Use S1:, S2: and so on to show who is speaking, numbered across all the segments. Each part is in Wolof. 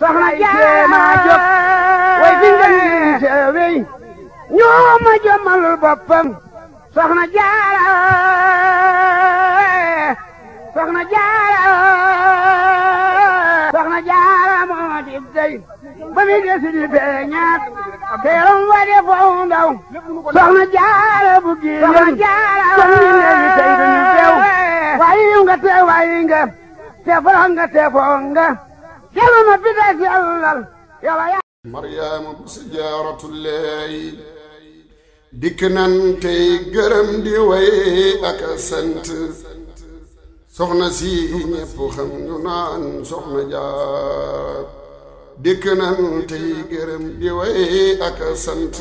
S1: soxna Jéema Jóob way fi ngeen sewey ñoo ma jëmal boppam soxna Jaara moo di ba mi des di feeñaat wa de foo ndaw soxna Jaara bu génn soxna Jaara kon ñu يلا ما بدك يلا يلا يا
S2: مريم بسجارة الليل dikkanan tey gërëm di way ak sant soxna si ñépp xam ñu naan soxna jaar dikkanan tey gërëm di way ak sant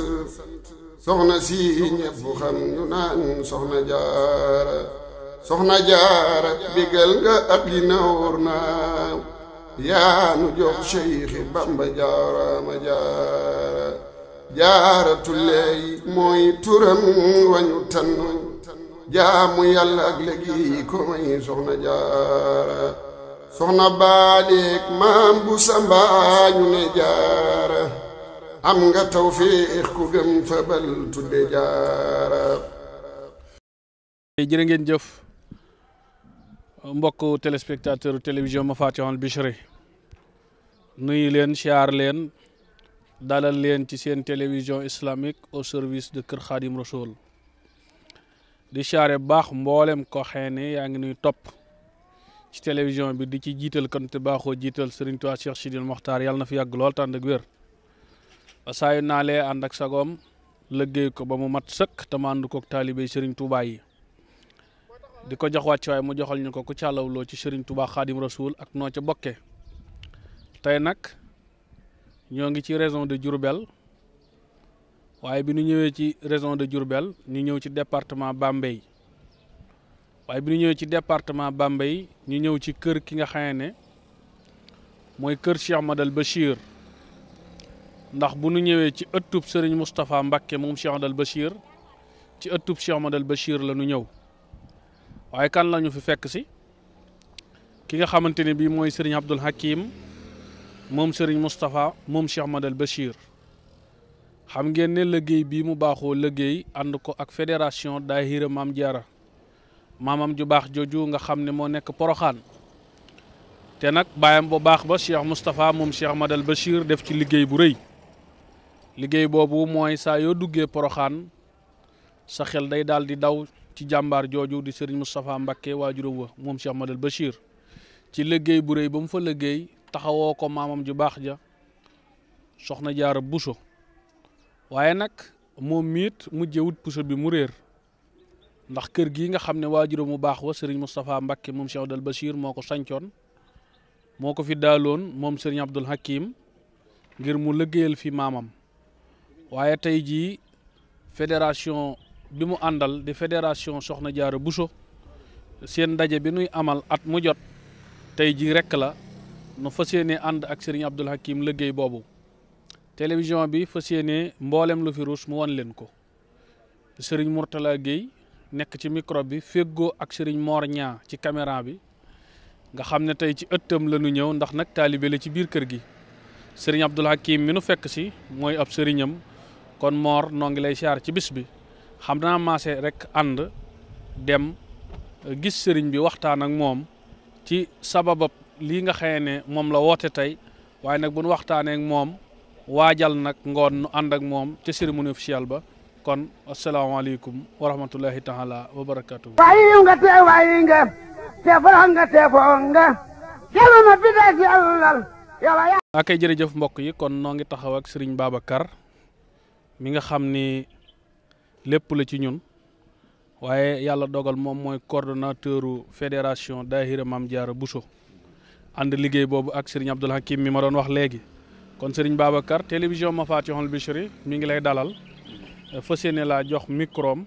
S2: soxna si ñépp xam ñu naan soxna jaar soxna jaar bigal nga at li nawur naa yaa nu jox Cheikh Bamba jaaraama jaara jaaratulley mooy turam wañu tan jaamu yàlla ak léegi ko may soxna jaara soxna baaleek maam bu samba ne jaara am nga tawfiix ku gëm fabal tudde jaara
S3: jërë ngeen jëf mbokk téléspectateur télévision Mafatihul Bichri nuyu leen siyaar leen dalal leen ci seen télévision islamique au service de Kër Xaadim Rasoul di siyaare baax mboolem ko xee ne yaa ngi nuy topp ci télévision bi di ci jiital kan te baaxoo jiital Serigne Touba Cheikh Sidil Mokhtar yàlla na fi yàgg lool tànd ak wér saa yu naalee ak sagoom lëggéey ko ba mu mat sëkk te ma ànd koog taalibe Serigne Touba di ko jox wàcc waaye mu joxal ñu ko ku caalawloo ci Serigne Touba Khadim Rasoul ak noo ca bokke tey nag ñoo ngi ci région de Diourbel waaye bi ñu ñëwee ci région de Diourbel ñu ñëw ci département Bambey waaye bi ñu ñëwee ci département Bambey ñu ñëw ci kër ki nga xam ne mooy kër Cheikh Madal ndax bu nu ñëwee ci ëttub Serigne Moustapha Mbakke moom Cheikh Madal Bachir ci ëttub Cheikh Madal Bachir la ñu ñëw. waaye kan la ñu fi fekk si ki nga xamante ne bii mooy sëriñ Abdul Hakim moom sëriñ Moustapha moom Cheikh Madal Bachir xam ngeen ne liggéey bi mu baaxoo liggéey ànd ko ak fédération daahira Maam jara maamam ju baax jooju nga xam ne moo nekk Poroxaan te nag bàyyam bu baax ba Cheikh Moustapha moom Cheikh Madal Bachir def ci liggéey bu rëy liggéey boobu mooy saa yoo duggee Poroxaan sa xel day daal di daw ci jàmbaar jooju di Serigne Moustapha Mbakke waajuram wa moom Cheikh Madal Bachir ci liggéey bu rëy ba mu fa liggéey taxawoo ko maamam ju baax ja soxna jaara buso waaye nag moom miit mujje wut puso bi mu réer ndax kër gi nga xam ne waajuram mu baax wa Serigne Moustapha Mbakke moom Cheikh Madal Bachir moo ko sancoon moo ko fi daaloon moom sëriñ Abdul Hakim ngir mu liggéeyal fi maamam waaye tey jii fédération bi mu àndal di fédération Soxna Jaara Bousso seen ndaje bi nuy amal at mu jot tey ji rekk la nu fas yéene ànd ak Serigne Abdoul Hakim liggéey boobu télévision bi fas yéene mboolem lu fi ruus mu wan leen ko Serigne Mourtala Guèye nekk ci micro bi féggoo ak Serigne Mor Ñaa ci caméra bi nga xam ne tey ci ëttam la ñëw ndax nag taalibe la ci biir kër gi Serigne Abdoul Hakim mi nu fekk si mooy ab sëriñam kon moor noo ngi lay siyaar ci bis bi xam naa maase rek ànd dem euh, gis sëriñ bi waxtaan ak moom ci sababab lii nga xëye ne moom la woote tey waaye nag bu nu waxtaanee moom waajal nag ngoon nu ànd ak moom ci cérémonie officielle ba kon asalaamaaleykum wa rahmatullahi taala wa barakaatu.
S1: nga tee waaye nga tee faral nga tee foo nga jëlu ma bi dee jëlal yow.
S3: ak ay jërëjëf mbokk yi kon noo ngi taxaw ak sëriñ Babacar mi nga xam ni lépp la ci ñun waaye yàlla dogal moom mooy coordonnateuru fédération Daahira Maam Jaara Bousso ànd liggéey boobu ak Serigne Abdoul Hakim mi ma doon wax léegi kon Serigne Babacar télévision Mafatihul Bichri mi ngi lay dalal fa yéene laa jox microm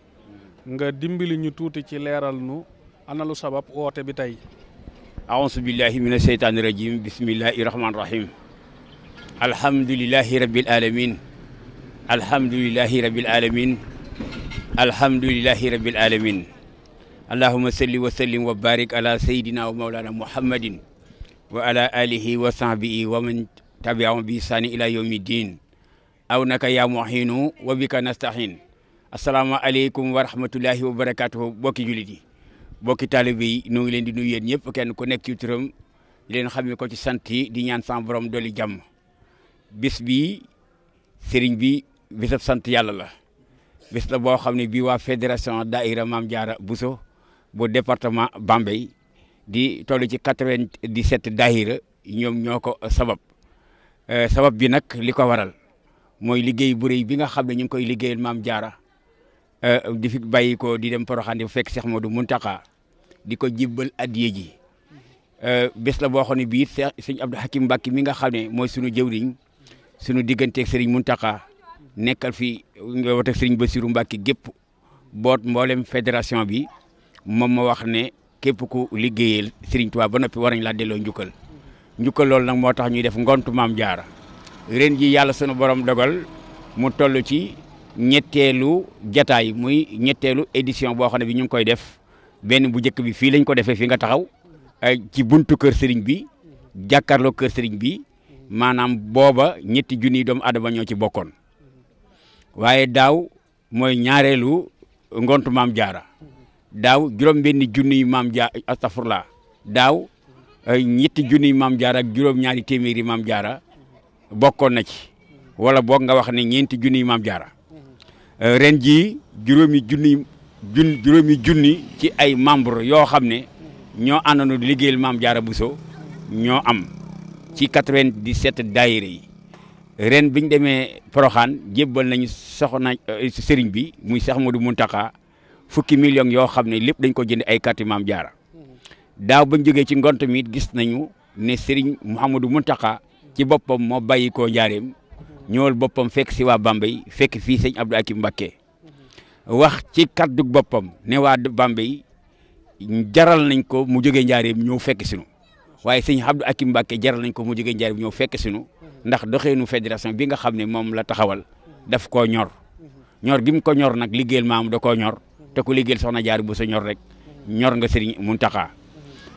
S3: nga dimbali ñu tuuti ci leeral nu ana sabab woote bi tey
S4: aousu billahi min asheytaani rajim bismillahi rahmaani rahim alhamdulilahi rabil alamin alhamdulilahi alhamdulillahi rabbil alamin allahuma salli wa wa barik ala sayidina wa maulana muhammadin wa ala alihi wa sahbihi wa man tabiahum bi ihsani ila yawmi din aw naka yaa muhinu wa bika nastahin asalaamaaleykum wa rahmatullahi wa barakatuhu bokki julit yi bokki taalibe yi ñu ngi leen di nuyu yéen ñëpp kenn ku nekk ci turam di ko ci sant yi di ñaan sama borom dolli jàmm bis bi bi bisab sant yàlla la bés la boo xam ne bii waa fédération Daïra Mame Diarra Bousso bu département Bambey di toll ci quatre-vingt-dix-sept daïra ñoom ñoo ko sabab euh, sabab bi nag li ko waral mooy liggéey bu rëy bi nga xam ne ñu ngi koy maam jaara Diarra euh, di fi bàyyi ko di dem Porokhane bu fekk Cheikh Modou Mountakha di ko jibbal addiya ji euh, bés la boo xam ne bii Cheikh Sëñ Abdou Hakim Mbacké mi nga xam ne mooy sunu jëwriñ sunu digganteeg Serigne Mountakha nekkal fi nga wote sëriñ Bassirou Mbacke gépp boot mboolem fédération bi moom ma wax ne képp ku liggéeyal sëriñ Tuubaa ba noppi war nañ laa delloo njukkal njukkal loolu nag moo tax ñuy def ngont maam jaara ren ji yàlla sunu borom dogal mu toll ci ñetteelu jataay muy ñetteelu édition boo xam ne bi ñu ngi koy def benn bu njëkk bi fii lañ ko defee fi nga taxaw ci buntu kër sëriñ bi jàkkaarloo kër sëriñ bi maanaam booba ñetti junniy doomu adama ñoo ci bokkoon waaye daaw mooy ñaareelu ngontu maam jaara daaw juróom-benni junniy maam jaara astafurla daaw ñetti junniy maam jaara ak juróom-ñaari téeméeri maam jaara bokkoon na ci wala boog nga wax ne ñeenti junniy maam jaara euh, ren jii juróomi junni ci ay membre yoo xam ne ñoo àndandoo di liggéeyal maam jaara Bousso ñoo am ci 97 daayira yi ren biñ demee Poroxaan jébbal nañu soxna euh, sëriñ bi muy Cheikh Modou Mountakha fukki millions yoo xam ne lépp dañ ko jënd ay kati Maam Jaara daaw bañ jógee ci ngont mi gis nañu ne sëriñ Mouhamadou Mountakha ci boppam moo bàyyi koo njaareem ñëwal boppam fekk si waa Bambey fekk fii sëñ Abdou Akim mbake wax ci kaddu boppam ne waa Bambey jaral nañ ko mu jógee njaareem ñëw fekki sinu waaye sëñ Abdou Akim Mbacké jaral nañ ko mu jógee njaareem ñëw fekk ndax doxeenu fédération bi nga xam ne moom la taxawal daf koo ñor ñor gi mu ko ñor nag liggéeyal maam da koo ñor te ku liggéeyal soxna jaar bu sa ñor rek ñor nga Serigne Mountakha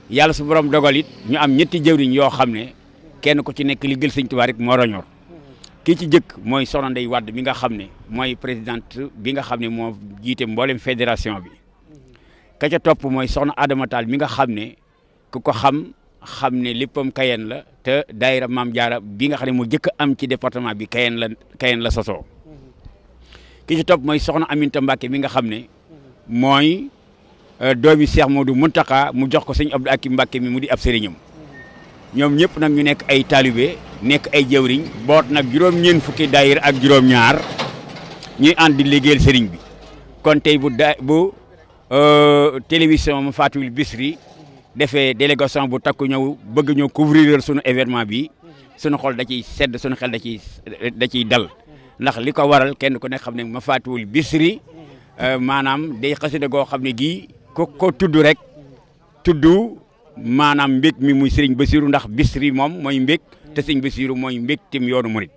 S4: yàlla su borom dogal it ñu am ñetti jëwriñ yoo xam ne kenn ku ci nekk liggéeyal Serigne Touba rek moo la ñor kii ci jëkk mooy soxna Ndeye Wade mi nga xam ne mooy présidente bi nga xam ne moo jiite mboolem fédération bi ka ca topp mooy soxna Adama Tall mi nga xam ne ko xam xam ne léppam Cayenne la te daayira Maam Jaara bi nga xam ne mu jëkk am ci département bi Cayenne la Cayenne la sosoo ki ci topp mooy soxna Aminta Mbacke mi nga xam ne mooy euh, doomi Cheikh Modou Mountakha mu jox ko sëñ Abdou Akim Mbacke mi mu di ab sëriñam ñoom ñëpp nag ñu nekk ay taalibe nekk ay jëwriñ boot nag juróom-ñeent fukki daayira ak juróom-ñaar ñuy ànd di liggéeyal sëriñ bi kon tey bu da bu euh, télévision Fatul Bichri defee délégation bu takku ñëw bëgg ñëw couvrir suñu événement bi suñu xol da ciy sedd suñu xel da ciy da ciy dal ndax li ko waral kenn ku ne xam ne ma faatuwul bisri euh, maanaam day xasida goo xam ne gii ko ko tudd rek tudd maanaam mbég mi muy sëriñ Basiru ndax bisri moom mooy mbég te sëriñ Basiru mooy mbég tim yoonu murit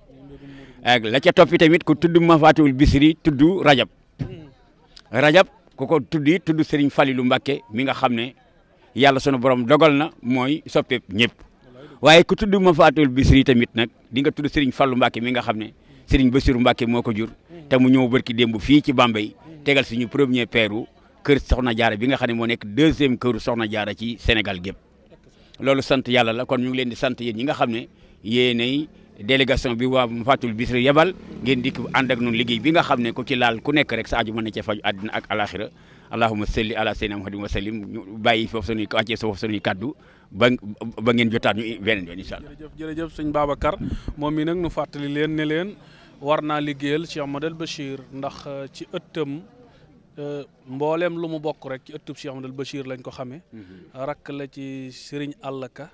S4: ak la ca toppi tamit ku tudd ma faatuwul bisri tudd rajab rajab ku ko tudd yi tudd sëriñ Falilu mbake mi nga xam ne yàlla sunu borom dogal na mooy soppeeb ñëpp waaye ku tudd ma faatul bisri tamit nag di nga tudd Serigne Fallou Mbacke mi nga xam ne Serigne Bassirou Mbacke moo ko jur te mu ñëw barki démb fii ci Bambey tegal suñu premier peeru kër Soxna Jaara bi nga xam ne moo nekk deuxième këru Soxna Jaara ci Sénégal gépp loolu sant yàlla la kon ñu ngi leen di sant yéen ñi nga xam ne yéenay délégation bi waa Fatul Bisri yebal ngeen dikk ànd ak ñun liggéey bi nga xam ne ko ci laal ku nekk rek sa aju mën na cee faju àddina ak alaxira allahuma salli ala sayyidina muhammadin wa sallim ñu bàyyi foofu suñuy wàccee foofu suñuy kaddu ba ba ngeen jotaat ñu beneen yoon incha allah.
S3: jërëjëf jërëjëf sëñ Babacar moom mi nag nu fàttali leen ne leen war naa liggéeyal Cheikh Amadou Bachir ndax euh, ci ëttam euh, mbooleem lu mu bokk rek ci ëttub Cheikh Amadou Bachir lañ ko xamee. Mhm. rakk la ci Serigne Allaka.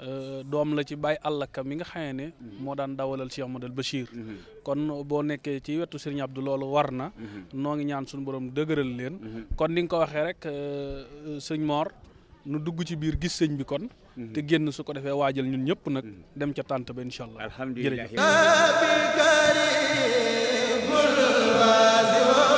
S3: Euh, doom la ci Baye Allaka mi nga xamee ne mhm. moo daan dawalal si Cheikh Modou Bachir mhm. kon boo nekkee ci wetu Serigne Abdou loolu war na mhm. noo ngi ñaan suñu boroom dëgëral leen kon ni nga ko waxee rek euh, sëñ Mor nu dugg ci biir gis sëñ bi kon te génn su ko defee waajal ñun ñëpp nag dem ca tànt ba incha allah alhamdulilah
S1: jërëjëf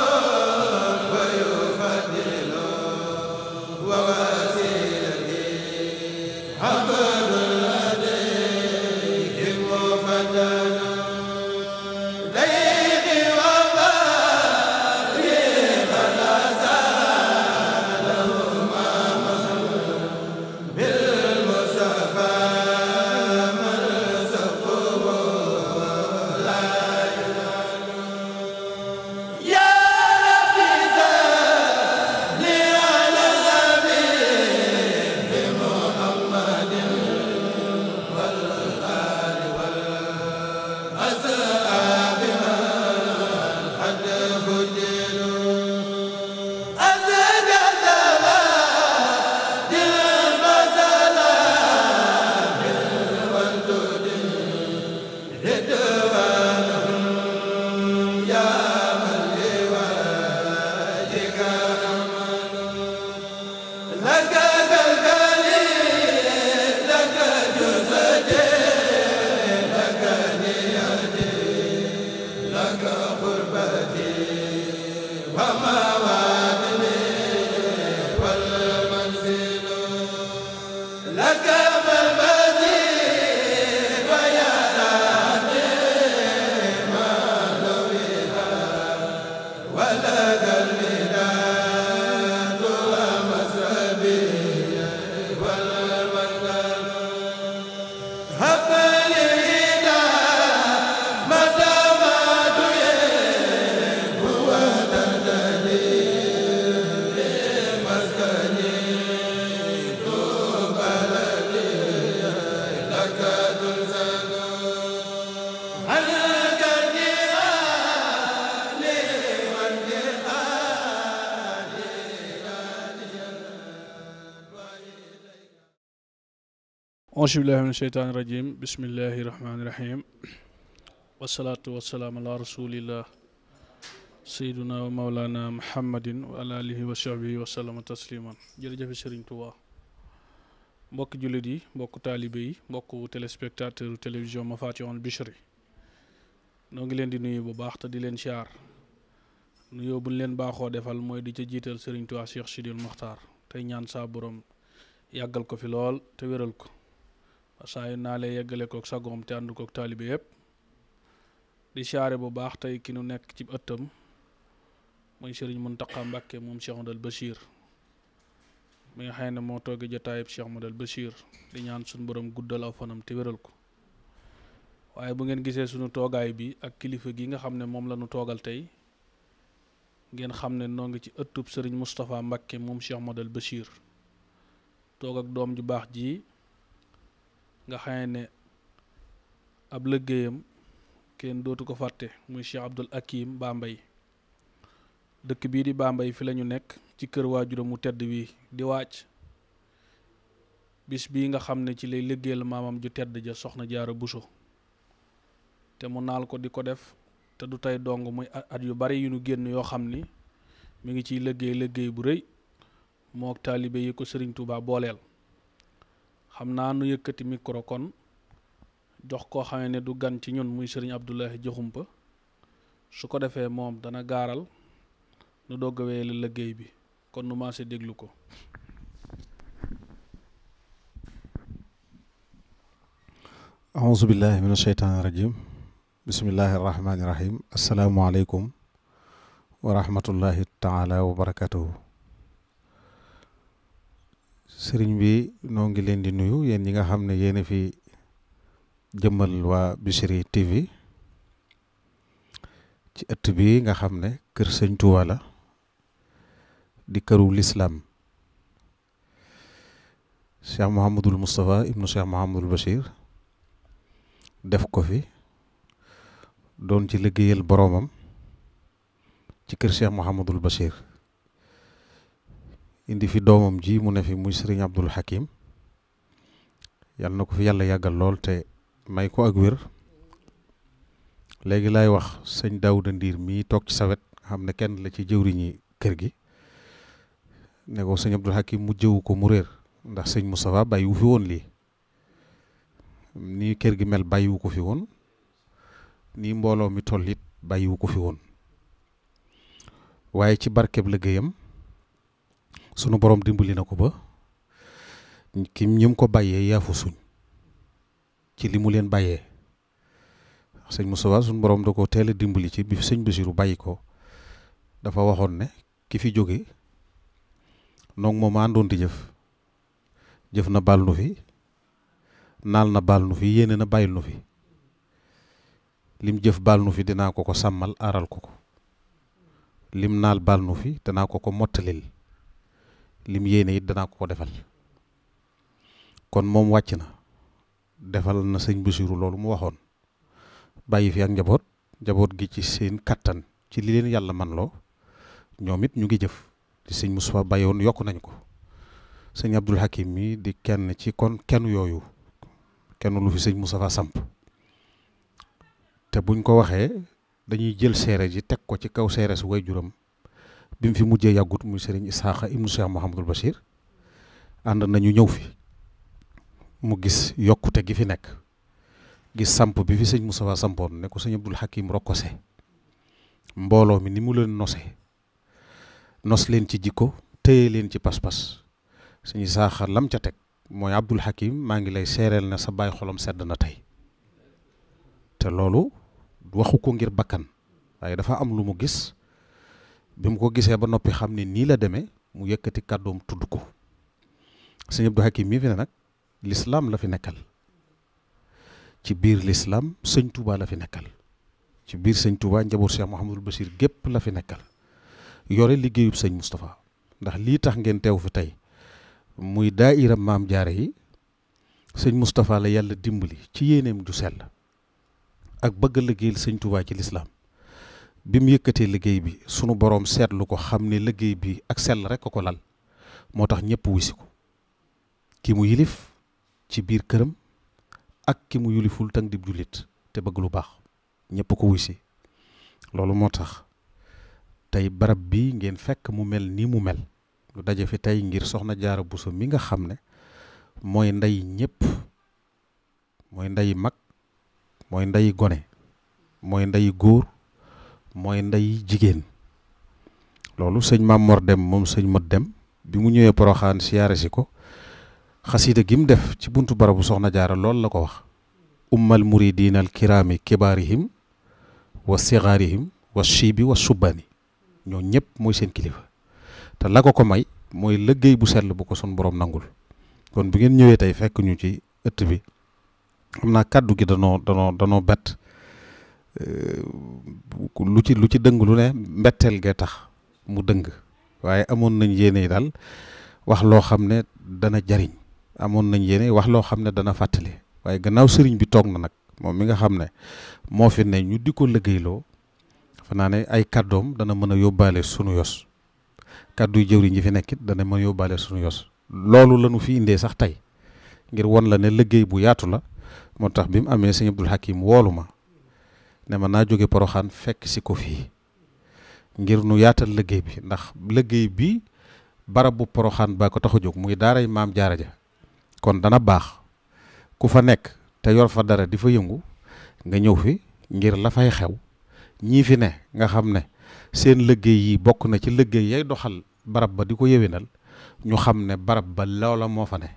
S3: auzu billahi min sheytaani rajim bismillahi rahmaani rahim wasalaatu wasalaam ala rasulillah sayyiduna wa mawlana muhammadin wa ala alihi wa sahbihi wa sallama tasliman jërëjëfe sëriñ Tuubaa mbokk jullit yi mbokk taalibe yi mbokk téléspectateur télévision Mafatihul Bichri noo ngi leen di nuyu bu baax te di leen siyaar nuyoo buñ leen baaxoo defal mooy di ca jiital sëriñ Tuubaa Cheikh Sidil Muxtaar tey ñaan saa borom yàggal ko fi lool te wéral ko saa yu naa lay yeggale kook sagoom te ànd kook taalibe yépp di siyaare bu baax tey ki nu nekk ci ëttam mooy sëriñ Muntaqa Mbàkke moom Cheikh Modal Bachir mi nga ne moo toogi jotaayub Cheikh Modal Bachir di ñaan suñu borom guddal aw fanam te wéral ko waaye bu ngeen gisee suñu toogaay bi ak kilifa gi nga xam ne moom la toogal tey ngeen xam ne noo ngi ci ëttub sëriñ Moustapha Mbàkke moom Cheikh Modal Bachir toog ak doom ju baax jii nga xam ne ab lëggéeyam kenn dootu ko fàtte muy Cheikh Abdul Hakim Bambey dëkk bii di Bambey fi la ñu nekk ci kër waa waajuram mu tedd wi di wàcc bis bii nga xam ne ci lay liggéeyal maamam ju tedd ja soxna jaara buso te mu naal ko di ko def te du tey dong muy at yu bari yu nu génn yoo xam ni mu ngi ciy liggéey liggéey bu rëy moo ak taalibe yi ko sëriñ Touba booleel xam naa nu yëkkati micro kon jox koo xamee ne du gan ci ñun muy sëriñ Abdoulahi Diakhoumpa su ko defee moom dana gaaral nu dogg a wéyale liggéey bi kon nu maase déglu ko
S5: aousubillahi min asheytaani irajim bismillahi irrahmaani irrahim asalaamualeykum wa rahmatullahi taala wa barakatuhu sëriñ bi noo ngi leen di nuyu yéen yi nga xam ne yéen a fi jëmmal waa Bichri TV ci ëtt bi nga xam ne kër sëñ la di këru lislaam Cheikh Mouhamadul Moustapha ibnu Cheikh Mouhamadul Bachir def ko fi doon ci liggéeyal boroomam ci kër Cheikh Mouhamadul Bachir indi fi doomam ji mu ne fi muy sëriñ Abdul Hakim yal na ko fi yàlla yàggal lool te may ko ak wér léegi laay wax sëñ Daouda mi toog ci sawet xam ne kenn la ci jëwriñi kër gi ne ko sëñ Abdul Hakim mu jëwu ko mu réer ndax sëñ Moustapha bàyyiwu fi woon lii nii kër gi mel bàyyiwu ko fi woon nii mbooloo mi toll it bàyyiwu ko fi woon waaye ci barkeb liggéeyam sunu borom dimbali na ko ba ki ñi ko bàyyee yaafu suñ ci li mu leen bàyyee sëñ Moustapha sunu boroom da ko teel a dimbali ci bi sëñ Bassirou bàyyi ko dafa waxoon ne ki fi jóge noog moom àndoon di jëf jëf na baal nu fi naal na baal nu fi yéene na bàyyil nu fi lim jëf baal nu fi dinaa ko ko sàmmal aaral ko ko lim naal baal nu fi danaa ko ko mottalil lim yéene it danaa ko ko defal kon moom wàcc na defal na sëñ Basiru loolu mu waxoon bàyyi fi ak njaboot njaboot gi ci seen kattan ci li leen yàlla man loo ñoom it ñu ngi jëf di sëñ Moustapha Baye yokk nañ ko sëñ Abdul Hakim mi di kenn ci kon kenn yooyu kenn lu fi sëñ Moustapha samp te buñ ko waxee dañuy jël seere ji teg ko ci kaw seere su way juróom bi mu fi mujjee yàggut muy Serigne Isaaxa ibnu Cheikh Mouhamadul Bachir ànd nañu ñëw fi mu gis yokkute gi fi nekk gis samp bi fi sëñ Moustapha sampoon ne ko sëñ Abdul Hakim rokkose mbooloo mi ni mu leen nose nos leen ci jikko téye leen ci pas-pas sëñ Isaaxa lam ca teg mooy Abdul Hakim maa ngi lay seereel na sa baay xolam sedd na tey te loolu waxu ko ngir bakkan waaye dafa am lu mu gis bi mu ko gisee ba noppi xam ne nii la demee mu yëkkati kàddoom tudd ko sëñ Abdou Hakim mii fi ne nag lislaam la fi nekkal ci biir lislaam sëñ Touba la fi nekkal ci biir sëñ Touba njaboot Cheikh Mouhamadul Bachir gépp la fi nekkal yore liggéeyub sëñ Moustapha ndax lii tax ngeen teew fi tey muy daa daaira maam jaare yi sëñ Moustapha la yàlla dimbali ci yéeneem ju sell ak bëgg a liggéeyal sëñ Touba ci lislaam bi mu yëkkatee liggéey bi sunu boroom seetlu ko xam ne liggéey bi ak sell rekk ko lal moo tax ñëpp wusi ko ki mu yilif ci biir këram ak ki mu yiliful tang dib jullit te bëgg lu baax ñépp ko wisi loolu moo tax tey barab bi ngeen fekk mu mel nii mu mel lu daje fi tey ngir soxna jaara buso mi nga xam ne mooy ndey ñépp mooy ndey mag mooy ndey gone mooy ndey góor mooy ndey jigéen loolu sëñ Maam Mor moom sëñ Mat Dem bi mu ñëwee Poroxaan siyaare si ko xasida gi mu def ci buntu barabu soxna jaara loolu la ko wax ummal muridiina al kiraami kibaarihim wa sigaarihim wa shiibi wa subbaani ñoo ñëpp mooy seen kilifa te la ko ko may mooy liggéey bu sell bu ko sun boroom nangul kon bu ngeen ñëwee tey fekk ñu ci ëtt bi am naa kàddu gi danoo danoo danoo bett Euh, lu ci lu ci dëng lu ne mbetteel ga tax mu dëng waaye amoon nañ yéene daal wax loo xam ne dana jariñ amoon nañ yéene wax loo xam ne dana fàttali waaye gannaaw sëriñ bi toog na nag moom mi nga xam ne moo fi ne ñu di ko liggéeyloo fa ne ay kàddoom dana mën a yóbbaale sunu yos kàddu jëwriñ yi fi nekkit dana mën a yóbbaale sunu yos loolu la ñu fi indee sax tey ngir won la ne liggéey bu yaatu la moo tax bi mu amee sëñ Abdul Hakim woolu ma ne ma naa jóge poroxaan fekk si ko fii ngir nu yaatal liggéey bi ndax liggéey bi barab bu poroxaan ba ko tax a jóg muy daaray maam jaara ja kon dana baax ku fa nekk te yor fa dara di fa yëngu nga ñëw fi ngir lafay xew ñii fi ne nga xam ne seen liggéey yi bokk na ci liggéey yay doxal barab ba di ko yëwénal ñu xam ne barab ba loola moo fa ne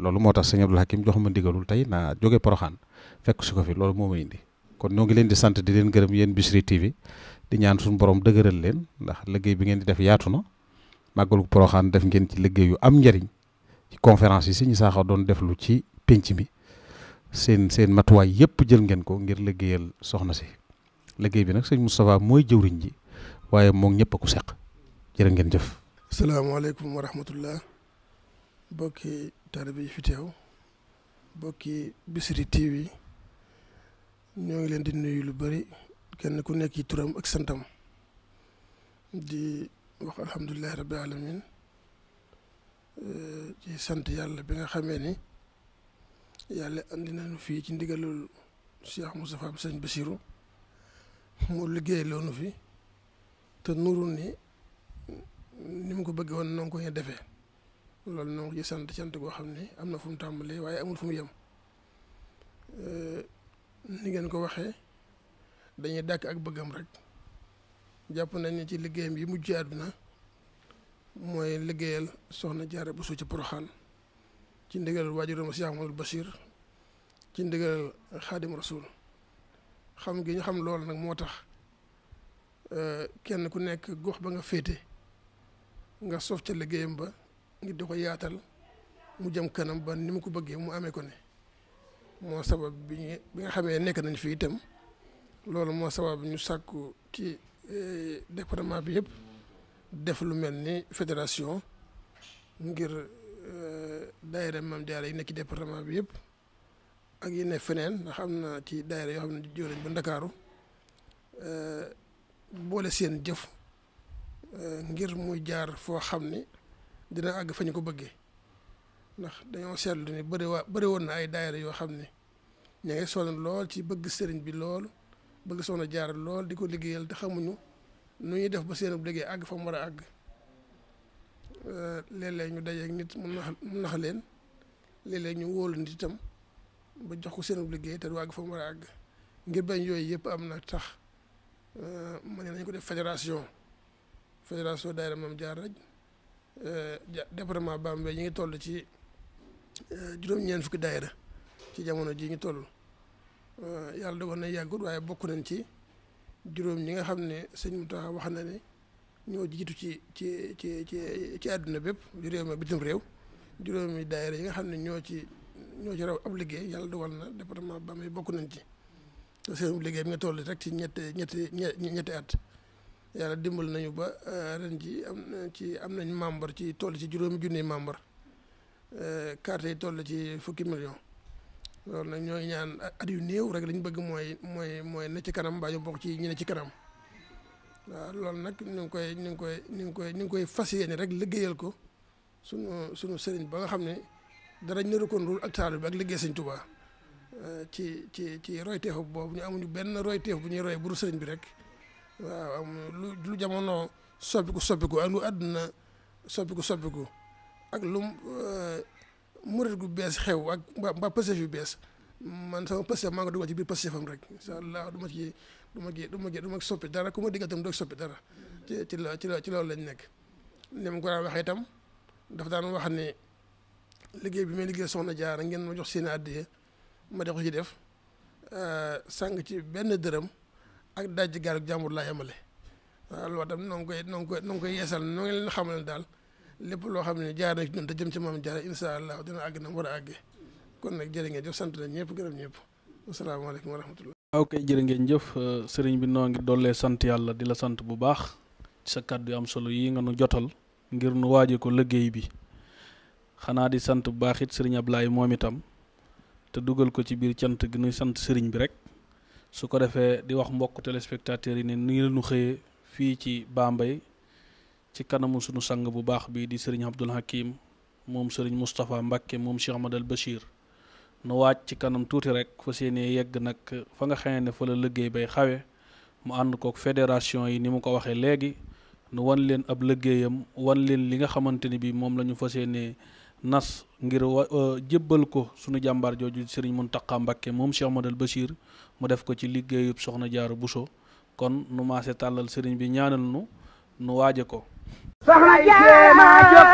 S5: loolu moo tax sëñ Abdul Hakim jox ma ndigalul tey naa jóge poroxaan fekk su ko fi loolu moo ma indi kon ñoo ngi leen di sant di leen gërëm yéen Bichri TV di ñaan suñu borom dëgëral leen ndax liggéey bi ngeen di def yaatu na màggalu Poroxaan def ngeen ci liggéey am njariñ ci conférence yi Serigne Sakho doon deflu ci pénc mi seen seen matuwaay yëpp jël ngeen ko ngir liggéeyal soxna si liggéey bi nag sëñ Moustapha mooy jëwriñ ji waaye moom ñëpp a ko seq jërë ngeen jëf.
S6: salaamaaleykum wa rahmatullah bokki taalibe yi fi teew bokki Bichri TV. ñoo ngi leen di nuyu lu bëri kenn ku nekk yi turam ak santam di wax alhamdulilahi rabbi alamin eh, ci sant yàlla bi nga xamee ni yàlla andi nañu fii ci ndigalul Cheikh Moustapha bi sëñ Bassirou mu liggéey loonu fi te nurul ni ni mu ko bëggee woon noo ko ñu defee loolu noo ngi sant sant goo xam ne am na fu mu tàmbalee waaye amul fu mu yem eh, ni ngeen ko waxee dañuy dàkk ak bëggam rek jàpp nañ ne ci liggéeyam yi mujj na mooy liggéeyal soxna Jaara Buso ci Poroxaan ci ndigalal waajuram Cheikh Amadou Bachir ci ndigalal Xaadim Rasul xam gi ñu xam loolu nag moo tax euh, kenn ku nekk gox ba nga féete nga sof ca liggéeyam ba ngir di ko yaatal mu jëm kanam ba ni mu ko bëggee mu amee ko ne moo sabab bi ñu bi nga xamee nekk nañ fii itam loolu moo sabab ñu sàkku ci e, département bi yëpp def lu mel ni fédération ngir e, daayira maam jaara yi nekk ci département bi yëpp ak yi feneen ndax am na ci daayira yoo xam ne jóge nañ ba Ndakaaru e, boole seen jëf ngir muy jaar foo xam ni dina àgg fa ñu ko bëggee ndax dañoo seetlu ni bëri waa bëri woon na ay daayira yoo xam ne ña ngi sonn lool ci bëgg sëriñ bi lool bëgg soxna jaar lool di ko liggéeyal te xamuñu nu ñuy def ba seen bu liggéey àgg fa mu war a àgg eh, léeg-léeg ñu dajeeg nit mu nax mu nax leen léeg ñu wóolu nit itam ba jox ko seen bu liggéey te du àgg fa mu war a àgg ngir bañ yooyu yëpp am na tax eh, ma ne nañ ko def fédération fédération daayira Maam Jaara rek eh, département Bambey ñu ngi toll ci juróom-ñeent fukki daayira ci jamono ji ñu toll euh, yàlla dogal na yàggut waaye bokk nañ ci juróom ñi nga xam ne sëñ Mouta wax na ne ñoo jiitu ci ci ci ci ci àdduna bépp di réew ma bitim réew juróomi daayira yi nga xam ne ñoo ci ñoo ci raw liggéey yàlla dogal na département Bambey bokk nañ ci te liggéey bi nga toll rek ci ñetti ñetti ñetti at yàlla dimbal nañu ba euh, ren ji ci am nañ membre ci toll ci juróomi junni membre euh, carte yi toll ci fukki million loolu nag ñoo ñaan at yu néew rek lañu bëgg mooy mooy mooy ne ci kanam mbaa ñu bokk ci ñi ne ci kanam waaw loolu nag ñu koy ñu ngi koy ñu ngi koy ñu ngi koy fas yéene rek liggéeyal ko sunu sunu sëriñ ba nga xam ne dara ñëru ko dul ak taal bi ak liggéey sëñ Tuubaa euh, ci ci ci royteefu boobu ñu amuñu benn royteef bu ñuy roy buru sëriñ bi rek waaw am lu jamono soppiku ko ak lu àdduna soppiku soppiku ak lum euh, murit gu bees xew ak mbaa mbaa pësef yu bees man sama pësef maa ngi dugal ci biir pësefam rek incha allah du ma ci du ma ci du ma ci du soppi dara ku ma diggal itam doo soppi dara ci ci la ci la ci lañ nekk ni ma ko daan waxee itam dafa daan wax ne liggéey bi may liggéey soxna Jaara ngeen ma jox seen addiya ma def ko ci def euh, sàng ci benn dërëm ak dajji gaar ak jàmbur laa yemale waaw loolu itam noo ngi koy noo koy noo ngi koy yeesal noo ngi leen xamal daal lépp loo xam ne jaar na ci ñun te jëm ci moom jaar incha allah dina àgg na mu war a àggee kon nag jërë ngeen jëf sant nañ ñëpp gërëm ñëpp asalaamaaleykum wa rahmatullah
S3: waaw kay jërë ngeen jëf euh, sëriñ bi noo ngi dollee sant yàlla di la sant bu baax ci sa kàddu yu am solo yi nga nu jotal ngir nu waaje ko liggéey bi xanaa di sant bu baax it sëriñ Ablaye moom itam te dugal ko ci biir cant gi nuy sant sëriñ bi rek su ko defee di wax mbokk téléspectateurs yi ne nii la ñu xëyee fii ci Bambey ci kanamu sunu sang bu baax bii di sëriñ Abdul Hakim moom sëriñ Moustapha Mbacke moom Cheikh Ahmad al Bachir nu waaj ci kanam tuuti rek fas yéene yegg nag fa nga xamee ne fa la liggéey bay xawe mu ànd kook fédération yi ni mu ko waxee léegi nu wan leen ab liggéeyam wan leen li nga xamante ni bi moom la ñu fas yéene nas ngir wa euh, jébbal ko sunu jàmbaar jooju sëriñ Muntaqa Mbacke moom Cheikh Ahmad al Bachir mu def ko ci liggéeyub soxna Jaara Bousso kon nu maase tàllal sëriñ bi ñaanal nu waaje ko
S1: soxna jéema jóg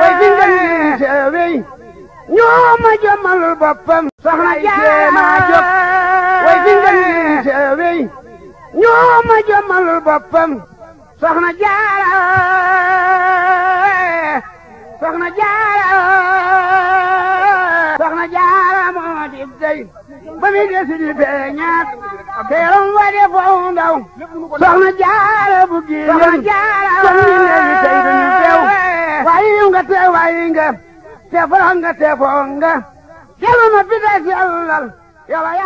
S1: way fi nga ñi sewey ñoo ma ba mi desi di teeram wa de foo ndaw soxna jaara bu génn soxna jaara comme ni te waaye nga te ma fi des yàlla